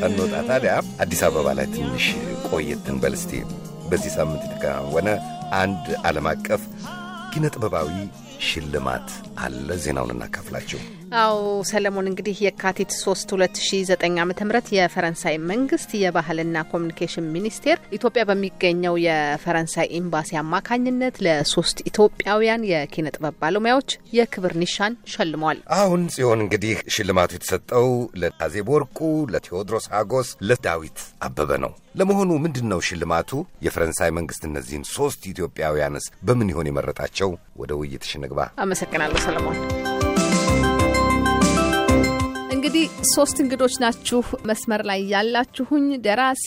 ሳንወጣ ታዲያ አዲስ አበባ ላይ ትንሽ ቆየት እንበል እስቲ። በዚህ ሳምንት የተከናወነ አንድ ዓለም አቀፍ ኪነ ጥበባዊ ሽልማት አለ። ዜናውን እናካፍላችሁ። አዎ ሰለሞን፣ እንግዲህ የካቲት 3 2009 ዓ ም የፈረንሳይ መንግስት የባህልና ኮሚኒኬሽን ሚኒስቴር ኢትዮጵያ በሚገኘው የፈረንሳይ ኤምባሲ አማካኝነት ለሶስት ኢትዮጵያውያን የኪነ ጥበብ ባለሙያዎች የክብር ኒሻን ሸልሟል። አሁን ጽዮን እንግዲህ ሽልማቱ የተሰጠው ለታዜብ ወርቁ፣ ለቴዎድሮስ ሀጎስ፣ ለዳዊት አበበ ነው። ለመሆኑ ምንድን ነው ሽልማቱ? የፈረንሳይ መንግስት እነዚህን ሶስት ኢትዮጵያውያንስ በምን ይሆን የመረጣቸው? ወደ ውይይትሽ እንግባ። አመሰግናለሁ። ሰለሞን። እንግዲህ ሶስት እንግዶች ናችሁ መስመር ላይ ያላችሁኝ፣ ደራሲ፣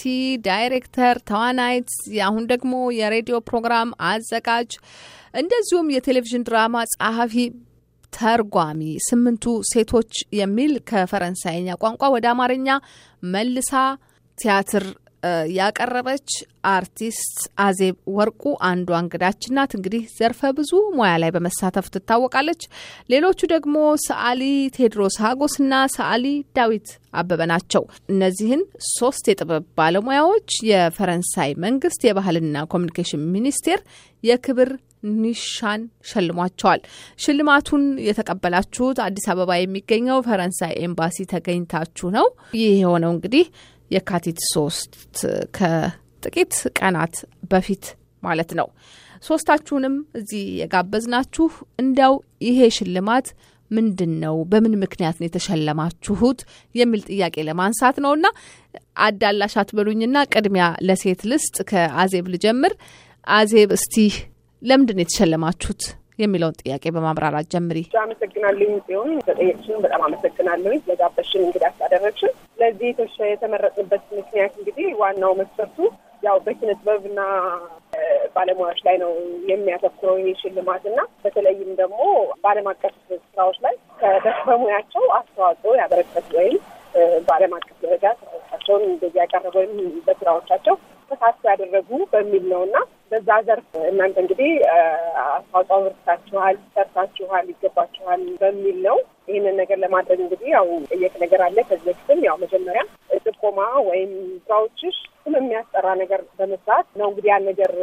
ዳይሬክተር፣ ተዋናይት፣ አሁን ደግሞ የሬዲዮ ፕሮግራም አዘጋጅ እንደዚሁም የቴሌቪዥን ድራማ ጸሐፊ ተርጓሚ ስምንቱ ሴቶች የሚል ከፈረንሳይኛ ቋንቋ ወደ አማርኛ መልሳ ቲያትር ያቀረበች አርቲስት አዜብ ወርቁ አንዷ እንግዳችን ናት። እንግዲህ ዘርፈ ብዙ ሙያ ላይ በመሳተፍ ትታወቃለች። ሌሎቹ ደግሞ ሰዓሊ ቴድሮስ ሀጎስና ሰዓሊ ዳዊት አበበ ናቸው። እነዚህን ሶስት የጥበብ ባለሙያዎች የፈረንሳይ መንግስት የባህልና ኮሚኒኬሽን ሚኒስቴር የክብር ኒሻን ሸልሟቸዋል። ሽልማቱን የተቀበላችሁት አዲስ አበባ የሚገኘው ፈረንሳይ ኤምባሲ ተገኝታችሁ ነው። ይህ የሆነው እንግዲህ የካቲት ሶስት ከጥቂት ቀናት በፊት ማለት ነው። ሶስታችሁንም እዚህ የጋበዝናችሁ እንዲያው ይሄ ሽልማት ምንድን ነው? በምን ምክንያት ነው የተሸለማችሁት? የሚል ጥያቄ ለማንሳት ነውና አዳላሽ አትበሉኝና ቅድሚያ ለሴት ልስጥ። ከአዜብ ልጀምር። አዜብ፣ እስቲ ለምንድን ነው የተሸለማችሁት? የሚለውን ጥያቄ በማብራራት ጀምሪ። አመሰግናለኝ ሲሆን ተጠየቅሽን፣ በጣም አመሰግናለኝ ለጋበሽን እንግዲህ አስታደረግሽን። ለዚህ የተሻ የተመረጥንበት ምክንያት እንግዲህ ዋናው መስፈርቱ ያው በኪነ ጥበብና ባለሙያዎች ላይ ነው የሚያተኩረው ይህ ሽልማት እና በተለይም ደግሞ በዓለም አቀፍ ስራዎች ላይ በሙያቸው አስተዋጽኦ ያበረከቱ ወይም በዓለም አቀፍ ደረጃ ተሰጣቸውን እንደዚህ ያቀረበ ወይም በስራዎቻቸው ተሳትፎ ያደረጉ በሚል ነው እና በዛ ዘርፍ እናንተ እንግዲህ አስተዋጽኦ አበርክታችኋል፣ ሰርታችኋል፣ ይገባችኋል በሚል ነው ይህንን ነገር ለማድረግ እንግዲህ ያው ጠየቅ ነገር አለ። ከዚህ በፊትም ያው መጀመሪያ ጥቆማ ወይም ስራዎችሽ ስም የሚያስጠራ ነገር በመስራት ነው እንግዲህ ያን ነገር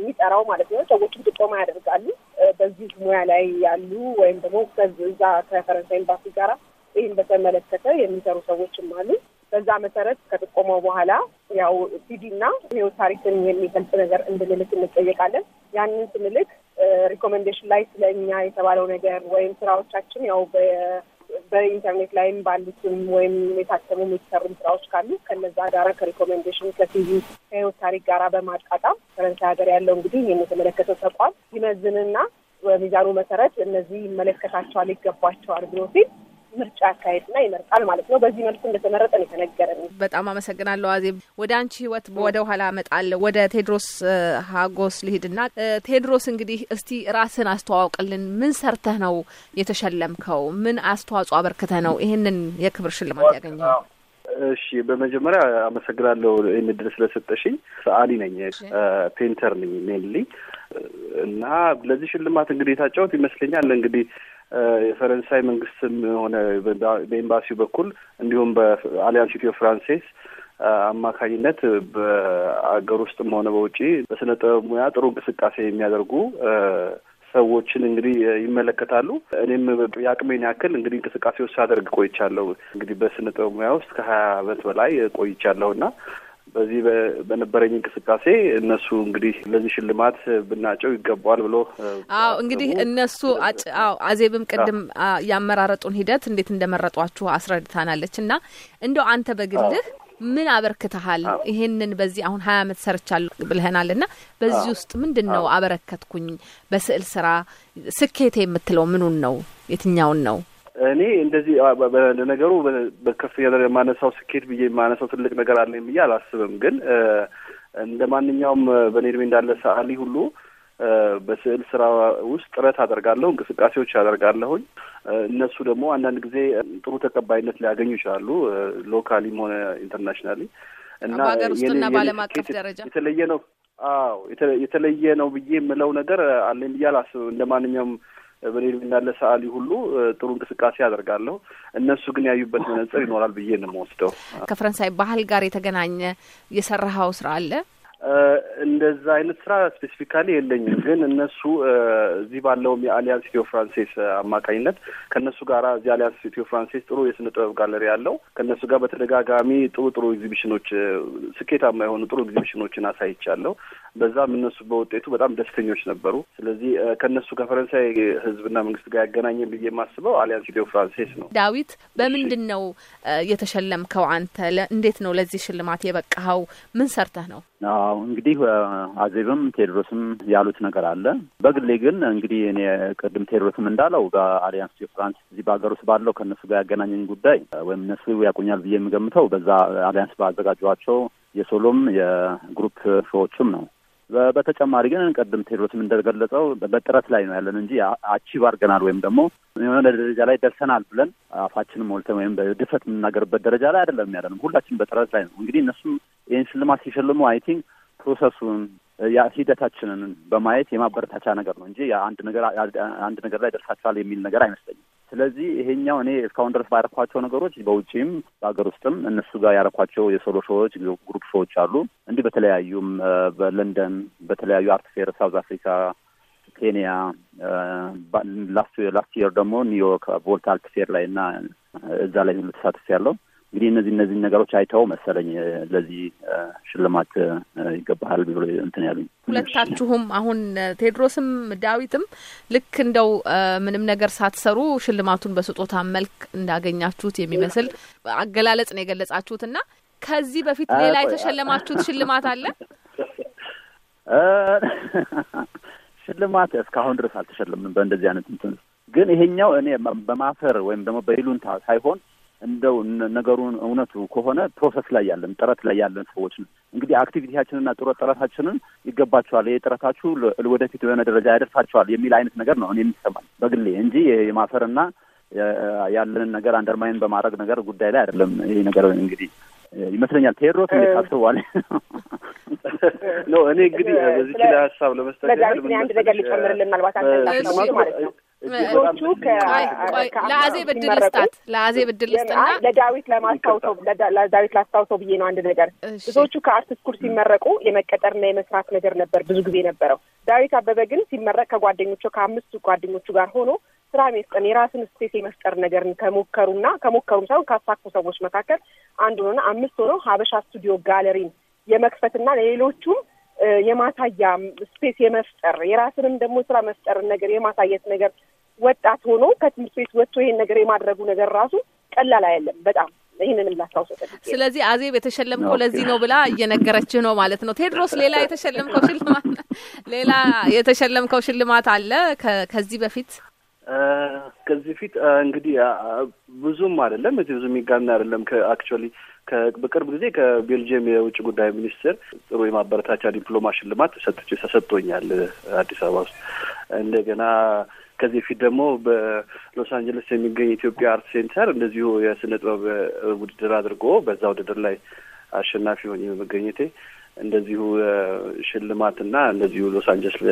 የሚጠራው ማለት ነው። ሰዎችም ጥቆማ ያደርጋሉ በዚህ ሙያ ላይ ያሉ ወይም ደግሞ ከዛ ከፈረንሳይ ኤምባሲ ጋራ ይህን በተመለከተ የሚሰሩ ሰዎችም አሉ። በዛ መሰረት ከጥቆመው በኋላ ያው ሲዲ እና ህይወት ታሪክን የሚገልጽ ነገር እንድንልክ እንጠየቃለን። ያንን ስንልክ ሪኮሜንዴሽን ላይ ስለ እኛ የተባለው ነገር ወይም ስራዎቻችን ያው በኢንተርኔት ላይም ባሉትም ወይም የታተሙም የተሰሩም ስራዎች ካሉ ከነዛ ጋራ ከሪኮሜንዴሽን ከሲቪ ከህይወት ታሪክ ጋራ በማጣጣም ፈረንሳይ ሀገር ያለው እንግዲህ ይህን የተመለከተው ተቋም ይመዝንና በሚዛኑ መሰረት እነዚህ ይመለከታቸዋል፣ ይገባቸዋል ብሎ ሲል ምርጫ ያካሄድና ይመርጣል ማለት ነው። በዚህ መልኩ እንደተመረጠ ነው የተነገረን። በጣም አመሰግናለሁ አዜብ። ወደ አንቺ ህይወት ወደ ኋላ እመጣለሁ። ወደ ቴድሮስ ሀጎስ ልሂድና ቴድሮስ እንግዲህ እስቲ ራስን አስተዋውቅልን። ምን ሰርተህ ነው የተሸለምከው? ምን አስተዋጽኦ አበርክተ ነው ይህንን የክብር ሽልማት ያገኘው? እሺ በመጀመሪያ አመሰግናለሁ ይህን እድል ስለሰጠሽኝ። ሰዓሊ ነኝ፣ ፔንተር ነኝ ሜንሊ እና ለዚህ ሽልማት እንግዲህ የታጫሁት ይመስለኛል እንግዲህ የፈረንሳይ መንግስትም ሆነ በኤምባሲው በኩል እንዲሁም በአሊያንስ ኢትዮ ፍራንሴስ አማካኝነት በአገር ውስጥም ሆነ በውጪ በስነ ጥበብ ሙያ ጥሩ እንቅስቃሴ የሚያደርጉ ሰዎችን እንግዲህ ይመለከታሉ። እኔም የአቅሜን ያክል እንግዲህ እንቅስቃሴ ውስጥ አደርግ ቆይቻለሁ። እንግዲህ በስነ ጥበብ ሙያ ውስጥ ከሀያ አመት በላይ ቆይቻለሁ እና በዚህ በነበረኝ እንቅስቃሴ እነሱ እንግዲህ ለዚህ ሽልማት ብናጨው ይገባዋል ብሎ አዎ እንግዲህ እነሱ አዎ አዜብም ቅድም ያመራረጡን ሂደት እንዴት እንደመረጧችሁ አስረድታናለች። እና እንደው አንተ በግልህ ምን አበርክተሃል? ይሄንን በዚህ አሁን ሀያ አመት ሰርቻለሁ ብልህናል እና በዚህ ውስጥ ምንድን ነው አበረከትኩኝ? በስዕል ስራ ስኬቴ የምትለው ምኑን ነው? የትኛውን ነው? እኔ እንደዚህ ለነገሩ በከፍተኛ ደረጃ የማነሳው ስኬት ብዬ የማነሳው ትልቅ ነገር አለኝ ብዬ አላስብም። ግን እንደ ማንኛውም በእኔ እድሜ እንዳለ ሰዓሊ ሁሉ በስዕል ስራ ውስጥ ጥረት አደርጋለሁ፣ እንቅስቃሴዎች አደርጋለሁኝ። እነሱ ደግሞ አንዳንድ ጊዜ ጥሩ ተቀባይነት ሊያገኙ ይችላሉ፣ ሎካሊም ሆነ ኢንተርናሽናሊ እና በሀገር ውስጥና በዓለም አቀፍ ደረጃ የተለየ ነው። አዎ የተለየ ነው ብዬ የምለው ነገር አለኝ ብዬ አላስብም እንደ ማንኛውም በኔልም እንዳለ ሰዓሊ ሁሉ ጥሩ እንቅስቃሴ ያደርጋለሁ። እነሱ ግን ያዩበት መነጽር ይኖራል ብዬ ነው የምወስደው። ከፈረንሳይ ባህል ጋር የተገናኘ የሰራኸው ስራ አለ? እንደዛ አይነት ስራ ስፔሲፊካሊ የለኝም፣ ግን እነሱ እዚህ ባለውም የአሊያንስ ኢትዮ ፍራንሴስ አማካኝነት ከእነሱ ጋር እዚህ አሊያንስ ኢትዮ ፍራንሴስ ጥሩ የስነ ጥበብ ጋለሪ ያለው ከእነሱ ጋር በተደጋጋሚ ጥሩ ጥሩ ኤግዚቢሽኖች ስኬታማ የሆኑ ጥሩ ኤግዚቢሽኖችን አሳይቻለሁ። በዛም እነሱ በውጤቱ በጣም ደስተኞች ነበሩ። ስለዚህ ከእነሱ ከፈረንሳይ ህዝብና መንግስት ጋር ያገናኘ ብዬ የማስበው አሊያንስ ኢትዮ ፍራንሴስ ነው። ዳዊት፣ በምንድን ነው የተሸለምከው? አንተ እንዴት ነው ለዚህ ሽልማት የበቃኸው? ምን ሰርተህ ነው? አዎ እንግዲህ አዜብም ቴዎድሮስም ያሉት ነገር አለ። በግሌ ግን እንግዲህ እኔ ቅድም ቴድሮስም እንዳለው በአሊያንስ ፍራንስ እዚህ በሀገር ውስጥ ባለው ከእነሱ ጋር ያገናኘኝ ጉዳይ ወይም እነሱ ያቁኛል ብዬ የምገምተው በዛ አሊያንስ ባዘጋጇቸው የሶሎም የግሩፕ ሾዎችም ነው። በተጨማሪ ግን ቅድም ቴድሮስም እንደገለጸው በጥረት ላይ ነው ያለን እንጂ አቺቭ አድርገናል ወይም ደግሞ የሆነ ደረጃ ላይ ደርሰናል ብለን አፋችን ሞልተን ወይም በድፍረት የምናገርበት ደረጃ ላይ አይደለም ያለንም። ሁላችን በጥረት ላይ ነው። እንግዲህ እነሱም ይህን ሽልማት ሲሸልሙ አይ ቲንክ ፕሮሰሱን ሂደታችንን በማየት የማበረታቻ ነገር ነው እንጂ አንድ ነገር አንድ ነገር ላይ ደርሳችኋል የሚል ነገር አይመስለኝም። ስለዚህ ይሄኛው እኔ እስካሁን ድረስ ባያረኳቸው ነገሮች በውጪም በሀገር ውስጥም እነሱ ጋር ያረኳቸው የሶሎ ሾዎች፣ ግሩፕ ሾዎች አሉ። እንዲህ በተለያዩም በለንደን በተለያዩ አርት ፌር ሳውዝ አፍሪካ፣ ኬንያ፣ ላስት ላስት የር ደግሞ ኒውዮርክ ቮልት አርት ፌር ላይ እና እዛ ላይ ሁሉ ተሳትፍ ያለው እንግዲህ እነዚህ እነዚህን ነገሮች አይተው መሰለኝ ለዚህ ሽልማት ይገባሃል ብሎ እንትን ያሉኝ። ሁለታችሁም አሁን ቴድሮስም ዳዊትም ልክ እንደው ምንም ነገር ሳትሰሩ ሽልማቱን በስጦታ መልክ እንዳገኛችሁት የሚመስል አገላለጽ ነው የገለጻችሁት። እና ከዚህ በፊት ሌላ የተሸለማችሁት ሽልማት አለ? ሽልማት እስካሁን ድረስ አልተሸለምንም በእንደዚህ አይነት እንትን፣ ግን ይሄኛው እኔ በማፈር ወይም ደግሞ በይሉንታ ሳይሆን እንደው ነገሩን እውነቱ ከሆነ ፕሮሰስ ላይ ያለን ጥረት ላይ ያለን ሰዎች ነው። እንግዲህ አክቲቪቲያችንና ጥረት ጥረታችንን ይገባቸዋል፣ ይህ ጥረታችሁ ወደፊት የሆነ ደረጃ ያደርሳቸዋል የሚል አይነት ነገር ነው እኔ የሚሰማኝ በግሌ እንጂ የማፈርና ያለንን ነገር አንደርማይን በማድረግ ነገር ጉዳይ ላይ አይደለም። ይሄ ነገር እንግዲህ ይመስለኛል ቴድሮስ እንዴት አስበዋል ነው እኔ እንግዲህ በዚህ ላይ ሀሳብ ለመስጠት ያህል አንድ ነገር ሊጨምርልን ምናልባት አንተ ማለት ነው ለአዜ ብድል ልስጣት ለአዜ ብድል ልስጥና ለዳዊት ለማስታውሰው ለዳዊት ላስታውሰው ብዬ ነው አንድ ነገር። ብዙዎቹ ከአርት ስኩል ሲመረቁ የመቀጠርና የመስራት ነገር ነበር ብዙ ጊዜ ነበረው። ዳዊት አበበ ግን ሲመረቅ ከጓደኞቹ ከአምስቱ ጓደኞቹ ጋር ሆኖ ስራ መስጠን የራስን ስፔስ የመፍጠር ነገርን ከሞከሩና ከሞከሩም ሳይሆን ካሳኩ ሰዎች መካከል አንዱ ሆነ አምስት ሆነው ሀበሻ ስቱዲዮ ጋለሪን የመክፈትና ለሌሎቹም የማሳያ ስፔስ የመፍጠር የራስንም ደግሞ ስራ መፍጠርን ነገር የማሳየት ነገር ወጣት ሆኖ ከትምህርት ቤት ወጥቶ ይሄን ነገር የማድረጉ ነገር ራሱ ቀላል አያለም በጣም ይህንንም ላስታውሰ። ስለዚህ አዜብ የተሸለምከው ለዚህ ነው ብላ እየነገረችህ ነው ማለት ነው። ቴድሮስ፣ ሌላ የተሸለምከው ሽልማት ሌላ የተሸለምከው ሽልማት አለ ከዚህ በፊት ከዚህ ፊት እንግዲህ ብዙም አይደለም እዚህ ብዙ የሚጋና አይደለም። ከአክቹዋሊ በቅርብ ጊዜ ከቤልጅየም የውጭ ጉዳይ ሚኒስትር ጥሩ የማበረታቻ ዲፕሎማ ሽልማት ተሰጥቶኛል አዲስ አበባ ውስጥ እንደገና ከዚህ በፊት ደግሞ በሎስ አንጀለስ የሚገኝ ኢትዮጵያ አርት ሴንተር እንደዚሁ የስነ ጥበብ ውድድር አድርጎ በዛ ውድድር ላይ አሸናፊ ሆኜ በመገኘቴ እንደዚሁ ሽልማትና እንደዚሁ ሎስ አንጀለስ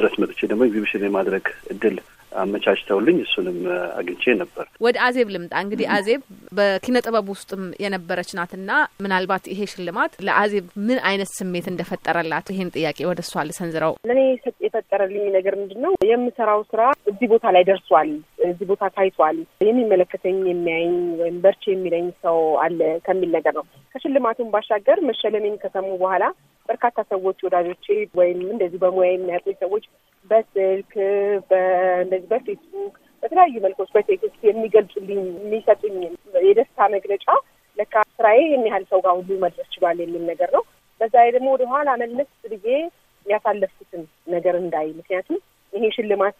ድረስ መጥቼ ደግሞ ኤግዚቢሽን የማድረግ እድል አመቻችተውልኝ እሱንም አግኝቼ ነበር። ወደ አዜብ ልምጣ። እንግዲህ አዜብ በኪነ ጥበብ ውስጥም የነበረች ናትና ምናልባት ይሄ ሽልማት ለአዜብ ምን አይነት ስሜት እንደፈጠረላት ይህን ጥያቄ ወደ እሷ ልሰንዝረው። ለእኔ የፈጠረልኝ ነገር ምንድን ነው የምሰራው ስራ እዚህ ቦታ ላይ ደርሷል፣ እዚህ ቦታ ታይቷል፣ የሚመለከተኝ የሚያይኝ ወይም በርቼ የሚለኝ ሰው አለ ከሚል ነገር ነው። ከሽልማቱን ባሻገር መሸለሜን ከሰሙ በኋላ በርካታ ሰዎች ወዳጆቼ፣ ወይም እንደዚህ በሙያ የሚያውቁኝ ሰዎች በስልክ በእንደዚህ በፌስቡክ በተለያዩ መልኮች በቴክስት የሚገልጹልኝ የሚሰጡኝ የደስታ መግለጫ ለካ ስራዬ ይህን ያህል ሰው ጋር ሁሉ መድረስ ችሏል የሚል ነገር ነው። በዛ ላይ ደግሞ ወደኋላ መለስ ብዬ ያሳለፍኩትን ነገር እንዳይ፣ ምክንያቱም ይሄ ሽልማት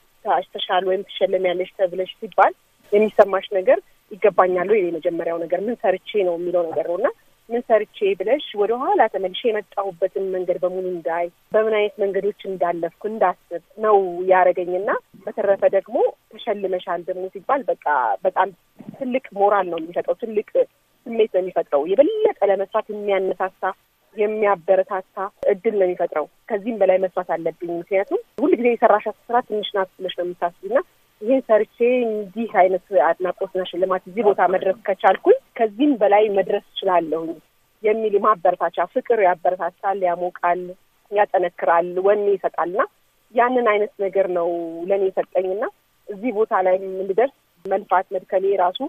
ተሻል ወይም ትሸለሚያለሽ ተብለሽ ሲባል የሚሰማሽ ነገር ይገባኛል ወይ የመጀመሪያው ነገር ምን ሰርቼ ነው የሚለው ነገር ነው እና ምን ሰርቼ ብለሽ ወደ ኋላ ተመልሼ የመጣሁበትን መንገድ በሙሉ እንዳይ በምን አይነት መንገዶች እንዳለፍኩ እንዳስብ ነው ያደረገኝና በተረፈ ደግሞ ተሸልመሻል ደግሞ ሲባል በቃ በጣም ትልቅ ሞራል ነው የሚሰጠው፣ ትልቅ ስሜት ነው የሚፈጥረው። የበለጠ ለመስራት የሚያነሳሳ የሚያበረታታ እድል ነው የሚፈጥረው። ከዚህም በላይ መስራት አለብኝ፣ ምክንያቱም ሁልጊዜ የሰራሻት ስራ ትንሽ ናት ብለሽ ነው የምታስቢና ይህን ሰርቼ እንዲህ አይነት አድናቆትና ሽልማት እዚህ ቦታ መድረስ ከቻልኩኝ ከዚህም በላይ መድረስ እችላለሁኝ የሚል ማበረታቻ ፍቅር ያበረታታል፣ ያሞቃል፣ ያጠነክራል፣ ወኔ ይሰጣልና ያንን አይነት ነገር ነው ለእኔ የሰጠኝና እዚህ ቦታ ላይ እንድደርስ መልፋት መድከሌ ራሱ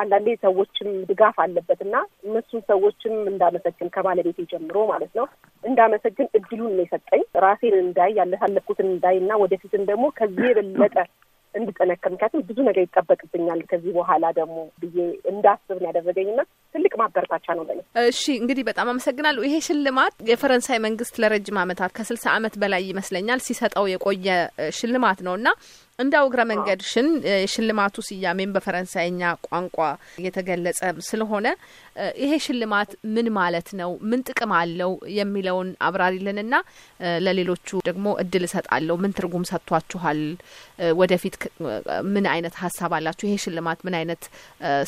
አንዳንዴ ሰዎችም ድጋፍ አለበት እና እነሱን ሰዎችም እንዳመሰግን ከባለቤቴ ጀምሮ ማለት ነው እንዳመሰግን እድሉን ነው የሰጠኝ። ራሴን እንዳይ ያለሳለፍኩትን እንዳይ እና ወደፊትም ደግሞ ከዚህ የበለጠ እንድጠነክር ምክንያቱም ብዙ ነገር ይጠበቅብኛል ከዚህ በኋላ ደግሞ ብዬ እንዳስብ ያደረገኝና ትልቅ ማበረታቻ ነው ለኔ። እሺ እንግዲህ በጣም አመሰግናለሁ። ይሄ ሽልማት የፈረንሳይ መንግስት ለረጅም ዓመታት ከስልሳ ዓመት በላይ ይመስለኛል ሲሰጠው የቆየ ሽልማት ነው እና እንዳው እግረ መንገድሽን የሽልማቱ ስያሜን በፈረንሳይኛ ቋንቋ የተገለጸ ስለሆነ ይሄ ሽልማት ምን ማለት ነው? ምን ጥቅም አለው? የሚለውን አብራሪልንና ለሌሎቹ ደግሞ እድል እሰጣለሁ። ምን ትርጉም ሰጥቷችኋል? ወደፊት ምን አይነት ሀሳብ አላችሁ? ይሄ ሽልማት ምን አይነት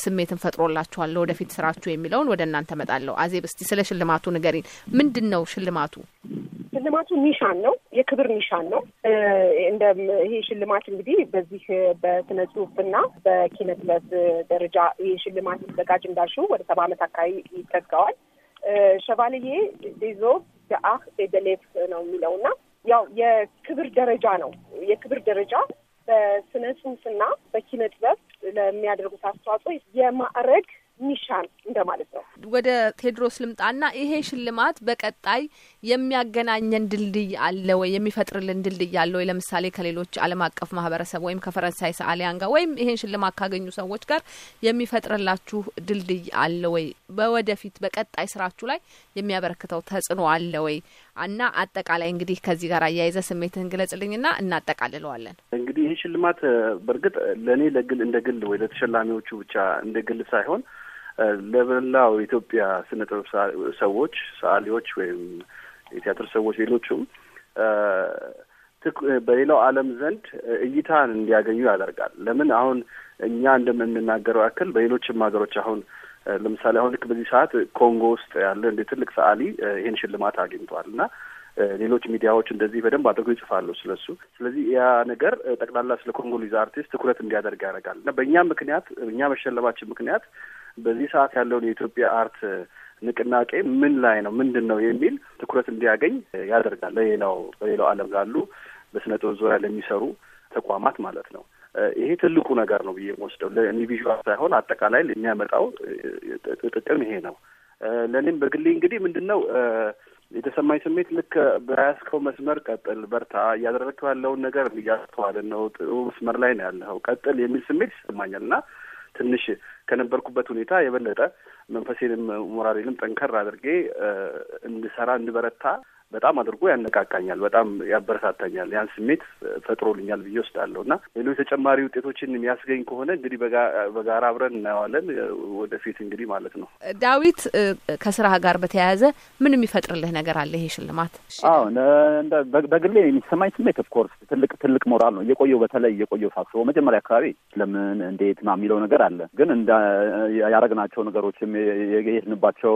ስሜትን ፈጥሮላችኋል? ወደፊት ስራችሁ የሚለውን ወደ እናንተ መጣለሁ። አዜብ፣ እስቲ ስለ ሽልማቱ ንገሪን። ምንድን ነው ሽልማቱ? ሽልማቱ ኒሻን ነው፣ የክብር ኒሻን ነው። እንደ ይሄ ሽልማት እንግዲህ በዚህ በስነ ጽሁፍና በኪነ ጥበብ ደረጃ ይህ ሽልማት ሲዘጋጅ እንዳልሽው ወደ ሰባ ዓመት አካባቢ ይጠጋዋል። ሸቫልዬ ዴዞ ደአህ ኤደሌፍ ነው የሚለው እና ያው የክብር ደረጃ ነው። የክብር ደረጃ በስነ ጽሁፍና በኪነ ጥበብ ለሚያደርጉት አስተዋጽኦ የማዕረግ ሚሻን እንደማለት ነው። ወደ ቴድሮስ ልምጣና ይሄ ሽልማት በቀጣይ የሚያገናኘን ድልድይ አለ ወይ የሚፈጥርልን ድልድይ አለ ወይ? ለምሳሌ ከሌሎች ዓለም አቀፍ ማህበረሰብ ወይም ከፈረንሳይ ሰዓሊያን ጋር ወይም ይሄን ሽልማት ካገኙ ሰዎች ጋር የሚፈጥርላችሁ ድልድይ አለ ወይ? በወደፊት በቀጣይ ስራችሁ ላይ የሚያበረክተው ተጽዕኖ አለ ወይ? እና አጠቃላይ እንግዲህ ከዚህ ጋር አያይዘ ስሜትህን ግለጽልኝና እናጠቃልለዋለን። እንግዲህ ይህ ሽልማት በእርግጥ ለእኔ ለግል እንደ ግል ወይ ለተሸላሚዎቹ ብቻ እንደ ግል ሳይሆን ለመላው የኢትዮጵያ ስነ ጥበብ ሰዎች፣ ሰዓሊዎች ወይም የቲያትር ሰዎች ሌሎቹም በሌላው ዓለም ዘንድ እይታን እንዲያገኙ ያደርጋል። ለምን አሁን እኛ እንደምንናገረው ያክል በሌሎችም ሀገሮች አሁን ለምሳሌ አሁን ልክ በዚህ ሰዓት ኮንጎ ውስጥ ያለ እንደ ትልቅ ሰዓሊ ይህን ሽልማት አግኝቷል እና ሌሎች ሚዲያዎች እንደዚህ በደንብ አድርገው ይጽፋሉ ስለሱ። ስለዚህ ያ ነገር ጠቅላላ ስለ ኮንጎሊዝ አርቲስት ትኩረት እንዲያደርግ ያደርጋል እና በእኛ ምክንያት እኛ መሸለማችን ምክንያት በዚህ ሰዓት ያለውን የኢትዮጵያ አርት ንቅናቄ ምን ላይ ነው ምንድን ነው የሚል ትኩረት እንዲያገኝ ያደርጋል። ለሌላው በሌላው ዓለም ላሉ በስነ ጥበብ ዙሪያ ለሚሰሩ ተቋማት ማለት ነው። ይሄ ትልቁ ነገር ነው ብዬ የምወስደው ለኢንዲቪዥዋል ሳይሆን አጠቃላይ የሚያመጣው ጥቅም ይሄ ነው። ለእኔም በግሌ እንግዲህ ምንድን ነው የተሰማኝ ስሜት ልክ በያዝከው መስመር ቀጥል፣ በርታ፣ እያደረግከው ያለውን ነገር እያስተዋልን ነው፣ ጥሩ መስመር ላይ ነው ያለኸው፣ ቀጥል የሚል ስሜት ይሰማኛል እና ትንሽ ከነበርኩበት ሁኔታ የበለጠ መንፈሴንም ሞራሌንም ጠንከር አድርጌ እንድሰራ እንድበረታ በጣም አድርጎ ያነቃቃኛል፣ በጣም ያበረታታኛል፣ ያን ስሜት ፈጥሮልኛል ብዬ ወስዳለሁ እና ሌሎች ተጨማሪ ውጤቶችን የሚያስገኝ ከሆነ እንግዲህ በጋራ አብረን እናየዋለን ወደፊት እንግዲህ ማለት ነው። ዳዊት ከስራ ጋር በተያያዘ ምን የሚፈጥርልህ ነገር አለ ይሄ ሽልማት? አዎ በግሌ የሚሰማኝ ስሜት ኦፍኮርስ ትልቅ ትልቅ ሞራል ነው። እየቆየው በተለይ እየቆየው ሳስበው መጀመሪያ አካባቢ ለምን እንዴት ማ የሚለው ነገር አለ ግን ያረግናቸው ነገሮችም የሄድንባቸው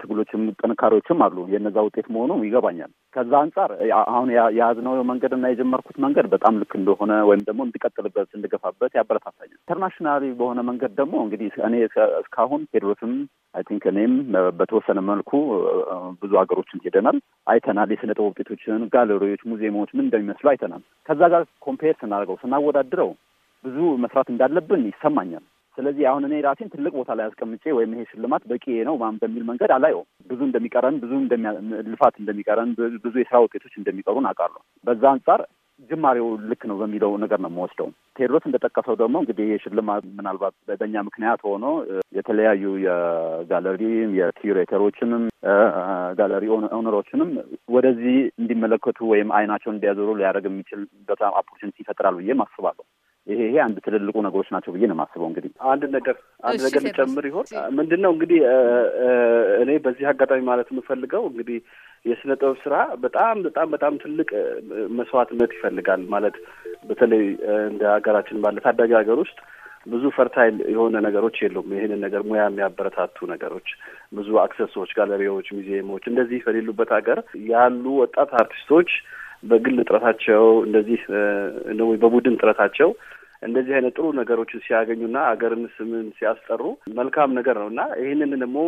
ትግሎችም ጥንካሬዎችም አሉ። የነዛ ውጤት መሆኑ ይገባኛል። ከዛ አንጻር አሁን የያዝነው መንገድ እና የጀመርኩት መንገድ በጣም ልክ እንደሆነ ወይም ደግሞ እንድቀጥልበት እንድገፋበት ያበረታታኛል። ኢንተርናሽናሊ በሆነ መንገድ ደግሞ እንግዲህ እኔ እስካሁን ቴድሮስም አይ ቲንክ እኔም በተወሰነ መልኩ ብዙ ሀገሮችን ሄደናል፣ አይተናል። የስነ ጥበብ ውጤቶችን፣ ጋለሪዎች፣ ሙዚየሞች ምን እንደሚመስሉ አይተናል። ከዛ ጋር ኮምፔር ስናደርገው ስናወዳድረው ብዙ መስራት እንዳለብን ይሰማኛል። ስለዚህ አሁን እኔ ራሴን ትልቅ ቦታ ላይ አስቀምጬ ወይም ይሄ ሽልማት በቂ ነው ማን በሚል መንገድ አላየውም። ብዙ እንደሚቀረን፣ ብዙ ልፋት እንደሚቀረን፣ ብዙ የስራ ውጤቶች እንደሚቀሩን አውቃለሁ። በዛ አንጻር ጅማሬው ልክ ነው በሚለው ነገር ነው የምወስደው። ቴድሮስ እንደጠቀሰው ደግሞ እንግዲህ ሽልማት ምናልባት በኛ ምክንያት ሆኖ የተለያዩ የጋለሪም የኪዩሬተሮችንም ጋለሪ ኦነሮችንም ወደዚህ እንዲመለከቱ ወይም አይናቸውን እንዲያዞሩ ሊያደርግ የሚችል በጣም አፖርቹኒቲ ይፈጥራል ብዬ አስባለሁ። ይሄ ይሄ አንድ ትልልቁ ነገሮች ናቸው ብዬ ነው የማስበው። እንግዲህ አንድ ነገር አንድ ነገር ልጨምር ይሆን ምንድን ነው እንግዲህ እኔ በዚህ አጋጣሚ ማለት የምፈልገው እንግዲህ የስነ ጥበብ ስራ በጣም በጣም በጣም ትልቅ መስዋዕትነት ይፈልጋል። ማለት በተለይ እንደ ሀገራችን ባለ ታዳጊ ሀገር ውስጥ ብዙ ፈርታይል የሆነ ነገሮች የሉም። ይህንን ነገር ሙያ የሚያበረታቱ ነገሮች ብዙ አክሰሶች፣ ጋለሪዎች፣ ሙዚየሞች እንደዚህ በሌሉበት ሀገር ያሉ ወጣት አርቲስቶች በግል ጥረታቸው እንደዚህ በቡድን ጥረታቸው እንደዚህ አይነት ጥሩ ነገሮችን ሲያገኙና አገርን ስምን ሲያስጠሩ መልካም ነገር ነው እና ይህንን ደግሞ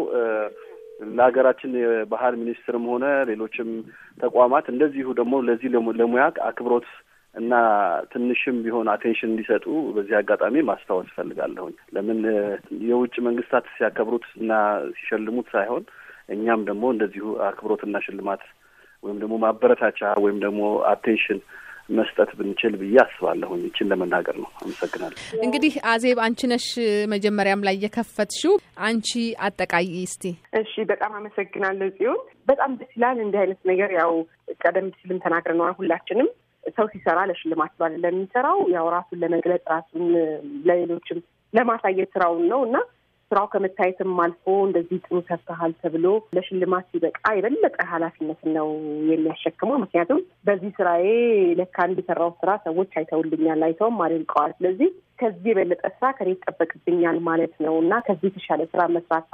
ለሀገራችን የባህል ሚኒስትርም ሆነ ሌሎችም ተቋማት እንደዚሁ ደግሞ ለዚህ ለሙያ አክብሮት እና ትንሽም ቢሆን አቴንሽን እንዲሰጡ በዚህ አጋጣሚ ማስታወስ ፈልጋለሁኝ። ለምን የውጭ መንግስታት ሲያከብሩት እና ሲሸልሙት ሳይሆን እኛም ደግሞ እንደዚሁ አክብሮትና ሽልማት ወይም ደግሞ ማበረታቻ ወይም ደግሞ አቴንሽን መስጠት ብንችል ብዬ አስባለሁ። ይችን ለመናገር ነው። አመሰግናለሁ። እንግዲህ አዜብ አንቺ ነሽ መጀመሪያም ላይ የከፈትሽው አንቺ አጠቃይ እስቲ። እሺ፣ በጣም አመሰግናለሁ ጽዮን። በጣም ደስ ይላል እንዲህ አይነት ነገር ያው ቀደም ሲልም ተናግረነዋል ሁላችንም ሰው ሲሰራ ለሽልማት ባለ ለሚሰራው ያው ራሱን ለመግለጽ ራሱን ለሌሎችም ለማሳየት ስራውን ነው እና ስራው ከመታየትም አልፎ እንደዚህ ጥሩ ሰርተሃል ተብሎ ለሽልማት ሲበቃ የበለጠ ኃላፊነት ነው የሚያሸክመው። ምክንያቱም በዚህ ስራዬ ለካ አንድ የሰራው ስራ ሰዎች አይተውልኛል፣ አይተውም አድንቀዋል። ስለዚህ ከዚህ የበለጠ ስራ ከኔ ይጠበቅብኛል ማለት ነው እና ከዚህ የተሻለ ስራ መስራት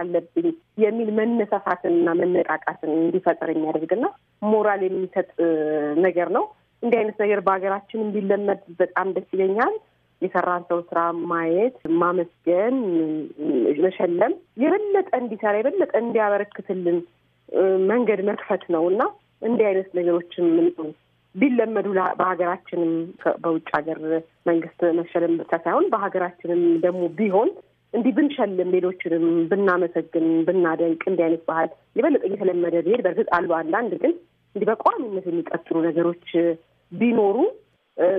አለብኝ የሚል መነሳሳትንና መነቃቃትን እንዲፈጠር የሚያደርግና ሞራል የሚሰጥ ነገር ነው። እንዲህ አይነት ነገር በሀገራችን እንዲለመድ በጣም ደስ ይለኛል። የሰራን ሰው ስራ ማየት፣ ማመስገን፣ መሸለም የበለጠ እንዲሰራ የበለጠ እንዲያበረክትልን መንገድ መክፈት ነው እና እንዲህ አይነት ነገሮችን ምን ቢለመዱ በሀገራችንም በውጭ ሀገር መንግስት መሸለም ብቻ ሳይሆን በሀገራችንም ደግሞ ቢሆን እንዲህ ብንሸልም ሌሎችንም ብናመሰግን ብናደንቅ እንዲህ አይነት ባህል የበለጠ እየተለመደ ቢሄድ በእርግጥ አሉ አንዳንድ ግን እንዲህ በቋሚነት የሚቀጥሉ ነገሮች ቢኖሩ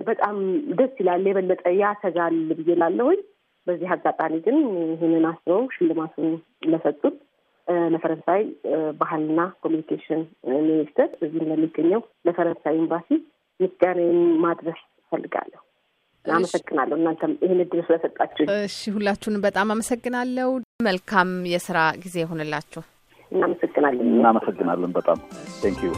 በጣም ደስ ይላል። የበለጠ ያሰጋል ብዬ ላለሁኝ። በዚህ አጋጣሚ ግን ይህንን አስበው ሽልማቱን ለሰጡት ለፈረንሳይ ባህልና ኮሚኒኬሽን ሚኒስቴር እዚህ ለሚገኘው ለፈረንሳይ ኤምባሲ ምስጋናዬን ማድረስ እፈልጋለሁ። አመሰግናለሁ። እናንተም ይህን እድል ስለሰጣችሁ፣ እሺ፣ ሁላችሁንም በጣም አመሰግናለሁ። መልካም የስራ ጊዜ ይሆንላችሁ። እናመሰግናለን። እናመሰግናለን በጣም ቴንኪዩ።